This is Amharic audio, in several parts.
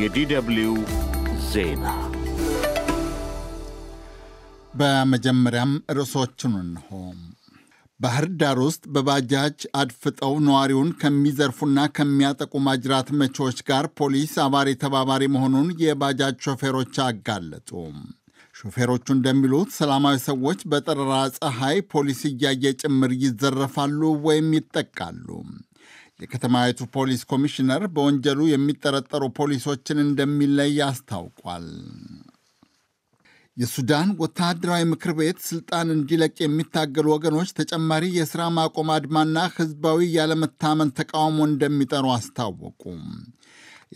የዲደብሊው ዜና በመጀመሪያም ርዕሶቹን እንሆ። ባህር ዳር ውስጥ በባጃጅ አድፍጠው ነዋሪውን ከሚዘርፉና ከሚያጠቁ ማጅራት መቺዎች ጋር ፖሊስ አባሪ ተባባሪ መሆኑን የባጃጅ ሾፌሮች አጋለጡ። ሾፌሮቹ እንደሚሉት ሰላማዊ ሰዎች በጠራራ ፀሐይ ፖሊስ እያየ ጭምር ይዘረፋሉ ወይም ይጠቃሉ። የከተማይቱ ፖሊስ ኮሚሽነር በወንጀሉ የሚጠረጠሩ ፖሊሶችን እንደሚለይ አስታውቋል። የሱዳን ወታደራዊ ምክር ቤት ስልጣን እንዲለቅ የሚታገሉ ወገኖች ተጨማሪ የሥራ ማቆም አድማና ሕዝባዊ ያለመታመን ተቃውሞ እንደሚጠሩ አስታወቁ።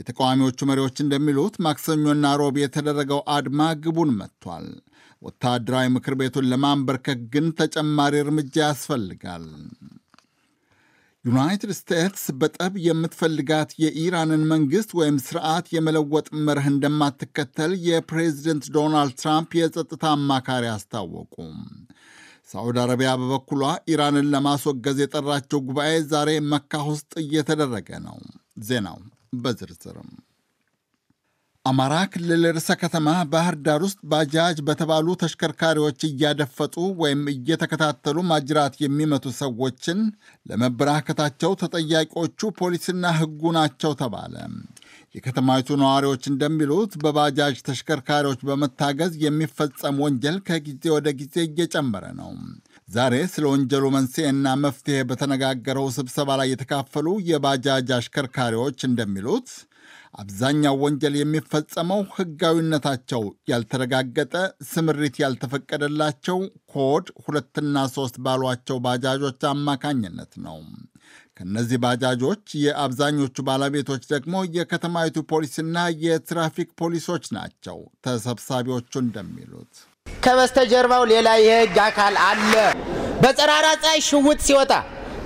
የተቃዋሚዎቹ መሪዎች እንደሚሉት ማክሰኞና ሮብ የተደረገው አድማ ግቡን መጥቷል። ወታደራዊ ምክር ቤቱን ለማንበርከክ ግን ተጨማሪ እርምጃ ያስፈልጋል። ዩናይትድ ስቴትስ በጠብ የምትፈልጋት የኢራንን መንግስት ወይም ስርዓት የመለወጥ መርህ እንደማትከተል የፕሬዚደንት ዶናልድ ትራምፕ የጸጥታ አማካሪ አስታወቁ። ሳዑድ አረቢያ በበኩሏ ኢራንን ለማስወገዝ የጠራቸው ጉባኤ ዛሬ መካ ውስጥ እየተደረገ ነው። ዜናው በዝርዝርም አማራ ክልል ርዕሰ ከተማ ባህር ዳር ውስጥ ባጃጅ በተባሉ ተሽከርካሪዎች እያደፈጡ ወይም እየተከታተሉ ማጅራት የሚመቱ ሰዎችን ለመበራከታቸው ተጠያቂዎቹ ፖሊስና ሕጉ ናቸው ተባለ። የከተማይቱ ነዋሪዎች እንደሚሉት በባጃጅ ተሽከርካሪዎች በመታገዝ የሚፈጸም ወንጀል ከጊዜ ወደ ጊዜ እየጨመረ ነው። ዛሬ ስለ ወንጀሉ መንስኤና መፍትሄ በተነጋገረው ስብሰባ ላይ የተካፈሉ የባጃጅ አሽከርካሪዎች እንደሚሉት አብዛኛው ወንጀል የሚፈጸመው ህጋዊነታቸው ያልተረጋገጠ ስምሪት ያልተፈቀደላቸው ኮድ ሁለትና ሶስት ባሏቸው ባጃጆች አማካኝነት ነው። ከእነዚህ ባጃጆች የአብዛኞቹ ባለቤቶች ደግሞ የከተማይቱ ፖሊስና የትራፊክ ፖሊሶች ናቸው። ተሰብሳቢዎቹ እንደሚሉት ከበስተጀርባው ሌላ የህግ አካል አለ። በጠራራ ፀሐይ ሽውጥ ሲወጣ፣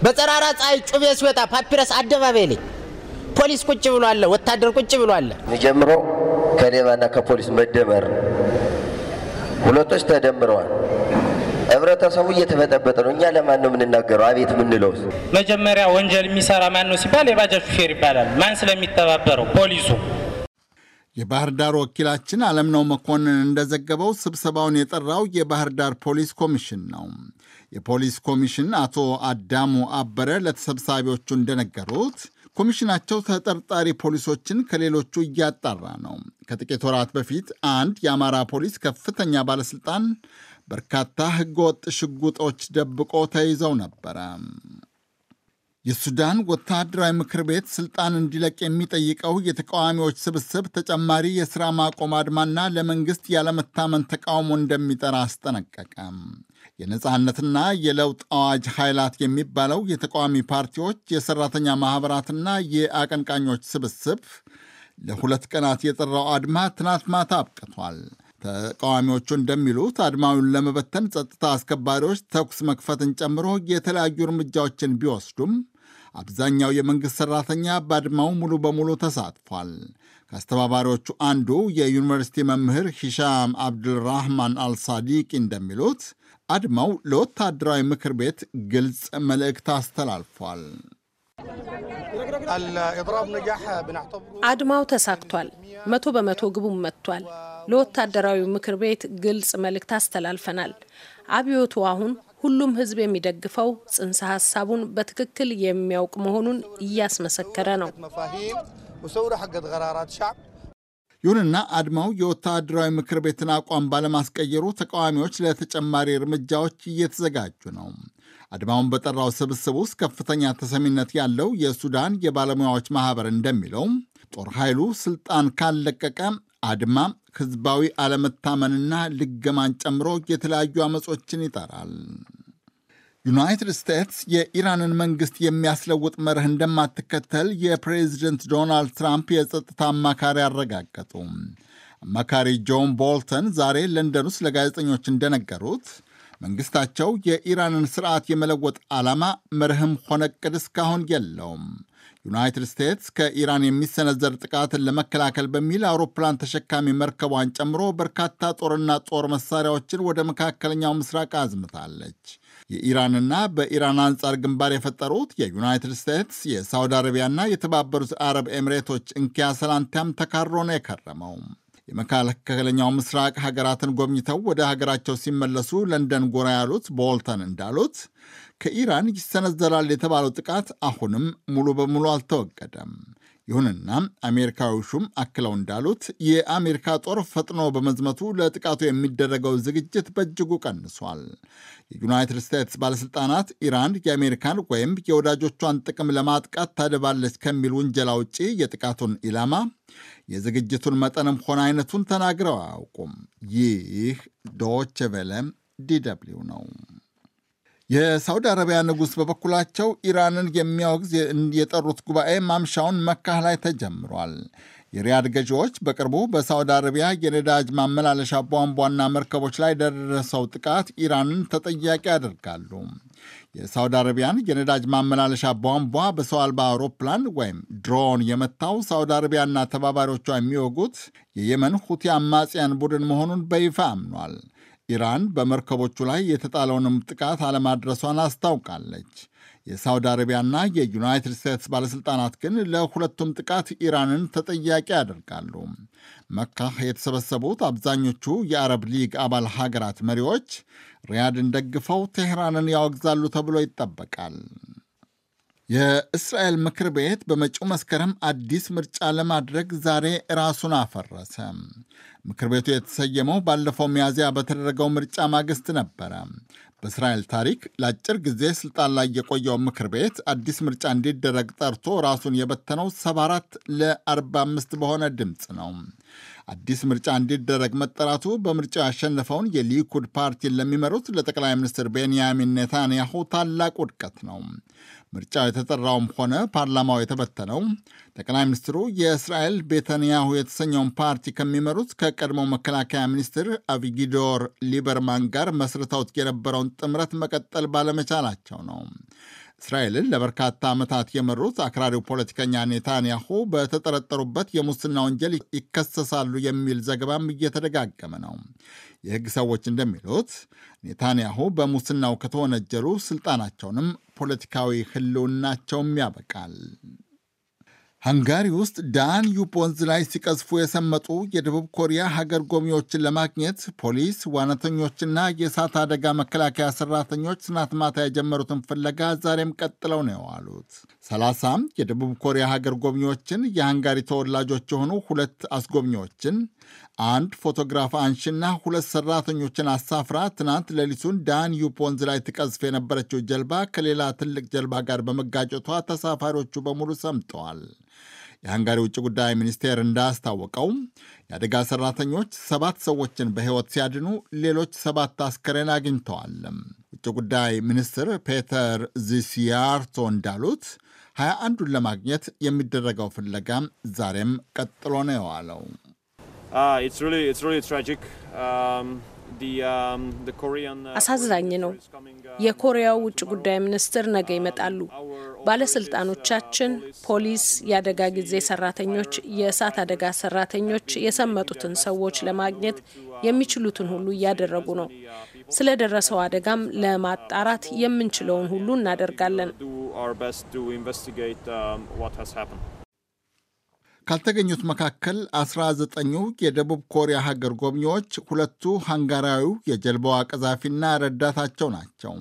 በጠራራ ፀሐይ ጩቤ ሲወጣ ፓፒረስ አደባባይ ላይ ፖሊስ ቁጭ ብሎ አለ፣ ወታደር ቁጭ ብሎ አለ። ጀምሮ ከሌባና ከፖሊስ መደመር ሁለቶች ተደምረዋል። ህብረተሰቡ እየተበጠበጠ ነው። እኛ ለማን ነው የምንናገረው? አቤት የምንለው መጀመሪያ ወንጀል የሚሰራ ማን ነው ሲባል የባጃጅ ሹፌር ይባላል። ማን ስለሚተባበረው ፖሊሱ። የባህር ዳር ወኪላችን አለምነው መኮንን እንደዘገበው ስብሰባውን የጠራው የባህር ዳር ፖሊስ ኮሚሽን ነው። የፖሊስ ኮሚሽን አቶ አዳሙ አበረ ለተሰብሳቢዎቹ እንደነገሩት ኮሚሽናቸው ተጠርጣሪ ፖሊሶችን ከሌሎቹ እያጣራ ነው። ከጥቂት ወራት በፊት አንድ የአማራ ፖሊስ ከፍተኛ ባለሥልጣን በርካታ ህገወጥ ሽጉጦች ደብቆ ተይዘው ነበረ። የሱዳን ወታደራዊ ምክር ቤት ስልጣን እንዲለቅ የሚጠይቀው የተቃዋሚዎች ስብስብ ተጨማሪ የሥራ ማቆም አድማና ለመንግሥት ያለመታመን ተቃውሞ እንደሚጠራ አስጠነቀቀ። የነጻነትና የለውጥ አዋጅ ኃይላት የሚባለው የተቃዋሚ ፓርቲዎች የሰራተኛ ማኅበራትና የአቀንቃኞች ስብስብ ለሁለት ቀናት የጠራው አድማ ትናንት ማታ አብቅቷል። ተቃዋሚዎቹ እንደሚሉት አድማውን ለመበተን ጸጥታ አስከባሪዎች ተኩስ መክፈትን ጨምሮ የተለያዩ እርምጃዎችን ቢወስዱም አብዛኛው የመንግሥት ሠራተኛ በአድማው ሙሉ በሙሉ ተሳትፏል። ከአስተባባሪዎቹ አንዱ የዩኒቨርሲቲ መምህር ሂሻም አብዱልራህማን አልሳዲቅ እንደሚሉት አድማው ለወታደራዊ ምክር ቤት ግልጽ መልእክት አስተላልፏል። አድማው ተሳክቷል። መቶ በመቶ ግቡም መጥቷል። ለወታደራዊ ምክር ቤት ግልጽ መልእክት አስተላልፈናል። አብዮቱ አሁን ሁሉም ሕዝብ የሚደግፈው ጽንሰ ሀሳቡን በትክክል የሚያውቅ መሆኑን እያስመሰከረ ነው። ይሁንና አድማው የወታደራዊ ምክር ቤትን አቋም ባለማስቀየሩ ተቃዋሚዎች ለተጨማሪ እርምጃዎች እየተዘጋጁ ነው። አድማውን በጠራው ስብስብ ውስጥ ከፍተኛ ተሰሚነት ያለው የሱዳን የባለሙያዎች ማህበር እንደሚለው ጦር ኃይሉ ስልጣን ካለቀቀ አድማ ህዝባዊ አለመታመንና ልገማን ጨምሮ የተለያዩ አመጾችን ይጠራል። ዩናይትድ ስቴትስ የኢራንን መንግስት የሚያስለውጥ መርህ እንደማትከተል የፕሬዚደንት ዶናልድ ትራምፕ የጸጥታ አማካሪ አረጋገጡ። አማካሪ ጆን ቦልተን ዛሬ ለንደን ውስጥ ለጋዜጠኞች እንደነገሩት መንግስታቸው የኢራንን ስርዓት የመለወጥ ዓላማ መርህም ሆነ ዕቅድ እስካሁን የለውም። ዩናይትድ ስቴትስ ከኢራን የሚሰነዘር ጥቃትን ለመከላከል በሚል አውሮፕላን ተሸካሚ መርከቧን ጨምሮ በርካታ ጦርና ጦር መሳሪያዎችን ወደ መካከለኛው ምስራቅ አዝምታለች። የኢራንና በኢራን አንጻር ግንባር የፈጠሩት የዩናይትድ ስቴትስ የሳውዲ አረቢያና የተባበሩት አረብ ኤሚሬቶች እንኪያ ሰላንቲያም ተካሮ ነው የከረመው። የመካከለኛው ምስራቅ ሀገራትን ጎብኝተው ወደ ሀገራቸው ሲመለሱ ለንደን ጎራ ያሉት ቦልተን እንዳሉት ከኢራን ይሰነዘራል የተባለው ጥቃት አሁንም ሙሉ በሙሉ አልተወገደም። ይሁንና አሜሪካዊ ሹም አክለው እንዳሉት የአሜሪካ ጦር ፈጥኖ በመዝመቱ ለጥቃቱ የሚደረገው ዝግጅት በእጅጉ ቀንሷል። የዩናይትድ ስቴትስ ባለሥልጣናት ኢራን የአሜሪካን ወይም የወዳጆቿን ጥቅም ለማጥቃት ታደባለች ከሚል ውንጀላ ውጪ የጥቃቱን ኢላማ፣ የዝግጅቱን መጠንም ሆነ አይነቱን ተናግረው አያውቁም። ይህ ዶች ቬለ ነው። የሳውዲ አረቢያ ንጉሥ በበኩላቸው ኢራንን የሚያወግዝ የጠሩት ጉባኤ ማምሻውን መካህ ላይ ተጀምሯል። የሪያድ ገዢዎች በቅርቡ በሳውዲ አረቢያ የነዳጅ ማመላለሻ ቧንቧና መርከቦች ላይ ደረሰው ጥቃት ኢራንን ተጠያቂ ያደርጋሉ። የሳውዲ አረቢያን የነዳጅ ማመላለሻ ቧንቧ በሰው አልባ አውሮፕላን ወይም ድሮን የመታው ሳውዲ አረቢያና ተባባሪዎቿ የሚወጉት የየመን ሁቲ አማጽያን ቡድን መሆኑን በይፋ አምኗል። ኢራን በመርከቦቹ ላይ የተጣለውንም ጥቃት አለማድረሷን አስታውቃለች። የሳውዲ አረቢያና የዩናይትድ ስቴትስ ባለሥልጣናት ግን ለሁለቱም ጥቃት ኢራንን ተጠያቂ ያደርጋሉ። መካ የተሰበሰቡት አብዛኞቹ የአረብ ሊግ አባል ሀገራት መሪዎች ሪያድን ደግፈው ቴህራንን ያወግዛሉ ተብሎ ይጠበቃል። የእስራኤል ምክር ቤት በመጪው መስከረም አዲስ ምርጫ ለማድረግ ዛሬ ራሱን አፈረሰ። ምክር ቤቱ የተሰየመው ባለፈው ሚያዝያ በተደረገው ምርጫ ማግስት ነበረ። በእስራኤል ታሪክ ለአጭር ጊዜ ስልጣን ላይ የቆየው ምክር ቤት አዲስ ምርጫ እንዲደረግ ጠርቶ ራሱን የበተነው 74 ለ45 በሆነ ድምፅ ነው። አዲስ ምርጫ እንዲደረግ መጠራቱ በምርጫው ያሸነፈውን የሊኩድ ፓርቲን ለሚመሩት ለጠቅላይ ሚኒስትር ቤንያሚን ኔታንያሁ ታላቅ ውድቀት ነው። ምርጫው የተጠራውም ሆነ ፓርላማው የተበተነው ጠቅላይ ሚኒስትሩ የእስራኤል ቤተንያሁ የተሰኘውን ፓርቲ ከሚመሩት ከቀድሞ መከላከያ ሚኒስትር አቪጊዶር ሊበርማን ጋር መስርተውት የነበረውን ጥምረት መቀጠል ባለመቻላቸው ነው። እስራኤልን ለበርካታ ዓመታት የመሩት አክራሪው ፖለቲከኛ ኔታንያሁ በተጠረጠሩበት የሙስና ወንጀል ይከሰሳሉ የሚል ዘገባም እየተደጋገመ ነው። የሕግ ሰዎች እንደሚሉት ኔታንያሁ በሙስናው ከተወነጀሉ ስልጣናቸውንም ፖለቲካዊ ህልውናቸውም ያበቃል። ሃንጋሪ ውስጥ ዳን ዩፖንዝ ላይ ሲቀዝፉ የሰመጡ የደቡብ ኮሪያ ሀገር ጎብኚዎችን ለማግኘት ፖሊስ፣ ዋናተኞችና የእሳት አደጋ መከላከያ ሰራተኞች ትናንት ማታ የጀመሩትን ፍለጋ ዛሬም ቀጥለው ነው የዋሉት። ሰላሳም የደቡብ ኮሪያ ሀገር ጎብኚዎችን የሃንጋሪ ተወላጆች የሆኑ ሁለት አስጎብኚዎችን አንድ ፎቶግራፍ አንሽና ሁለት ሰራተኞችን አሳፍራ ትናንት ሌሊቱን ዳንዩ ፖንዝ ላይ ትቀዝፍ የነበረችው ጀልባ ከሌላ ትልቅ ጀልባ ጋር በመጋጨቷ ተሳፋሪዎቹ በሙሉ ሰምጠዋል። የሃንጋሪ ውጭ ጉዳይ ሚኒስቴር እንዳስታወቀው የአደጋ ሰራተኞች ሰባት ሰዎችን በሕይወት ሲያድኑ ሌሎች ሰባት አስከሬን አግኝተዋል። ውጭ ጉዳይ ሚኒስትር ፔተር ዚሲያርቶ እንዳሉት ሀያ አንዱን ለማግኘት የሚደረገው ፍለጋ ዛሬም ቀጥሎ ነው የዋለው። አሳዛኝ ነው። uh, የኮሪያው ውጭ ጉዳይ ሚኒስትር ነገ um, ይመጣሉ። uh, ባለስልጣኖቻችን፣ uh, ፖሊስ፣ የአደጋ ጊዜ ሰራተኞች፣ የእሳት አደጋ ሰራተኞች የሰመጡትን ሰዎች ለማግኘት የሚችሉትን ሁሉ እያደረጉ ነው። ስለደረሰው አደጋም ለማጣራት የምንችለውን ሁሉ እናደርጋለን። ካልተገኙት መካከል 19ኙ የደቡብ ኮሪያ ሀገር ጎብኚዎች፣ ሁለቱ ሃንጋራዊው የጀልባዋ ቀዛፊና ረዳታቸው ናቸው።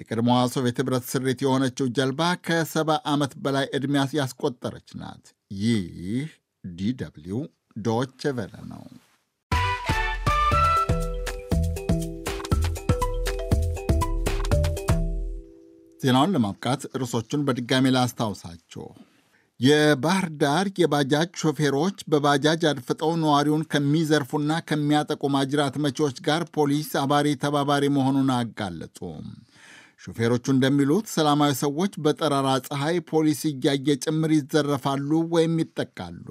የቀድሞዋ ሶቪየት ኅብረት ስሪት የሆነችው ጀልባ ከሰባ ዓመት በላይ ዕድሜ ያስቆጠረች ናት። ይህ ዲ ደብልዩ ነው። ዜናውን ለማብቃት ርዕሶቹን በድጋሚ ላስታውሳችሁ። የባህር ዳር የባጃጅ ሾፌሮች በባጃጅ አድፍጠው ነዋሪውን ከሚዘርፉና ከሚያጠቁ ማጅራት መቺዎች ጋር ፖሊስ አባሪ ተባባሪ መሆኑን አጋለጡ። ሾፌሮቹ እንደሚሉት ሰላማዊ ሰዎች በጠራራ ፀሐይ ፖሊስ እያየ ጭምር ይዘረፋሉ ወይም ይጠቃሉ።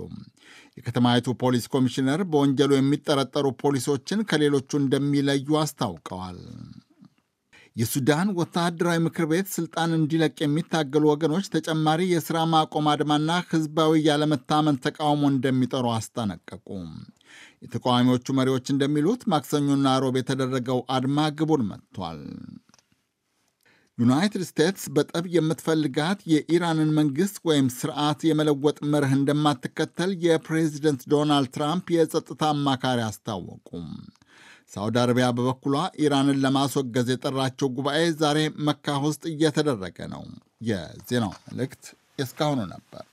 የከተማይቱ ፖሊስ ኮሚሽነር በወንጀሉ የሚጠረጠሩ ፖሊሶችን ከሌሎቹ እንደሚለዩ አስታውቀዋል። የሱዳን ወታደራዊ ምክር ቤት ስልጣን እንዲለቅ የሚታገሉ ወገኖች ተጨማሪ የሥራ ማቆም አድማና ህዝባዊ ያለመታመን ተቃውሞ እንደሚጠሩ አስጠነቀቁ። የተቃዋሚዎቹ መሪዎች እንደሚሉት ማክሰኞና ሮብ የተደረገው አድማ ግቡን መጥቷል። ዩናይትድ ስቴትስ በጠብ የምትፈልጋት የኢራንን መንግሥት ወይም ስርዓት የመለወጥ መርህ እንደማትከተል የፕሬዚደንት ዶናልድ ትራምፕ የጸጥታ አማካሪ አስታወቁ። ሳውዲ አረቢያ በበኩሏ ኢራንን ለማስወገዝ የጠራቸው ጉባኤ ዛሬ መካ ውስጥ እየተደረገ ነው። የዜናው መልእክት እስካሁኑ ነበር።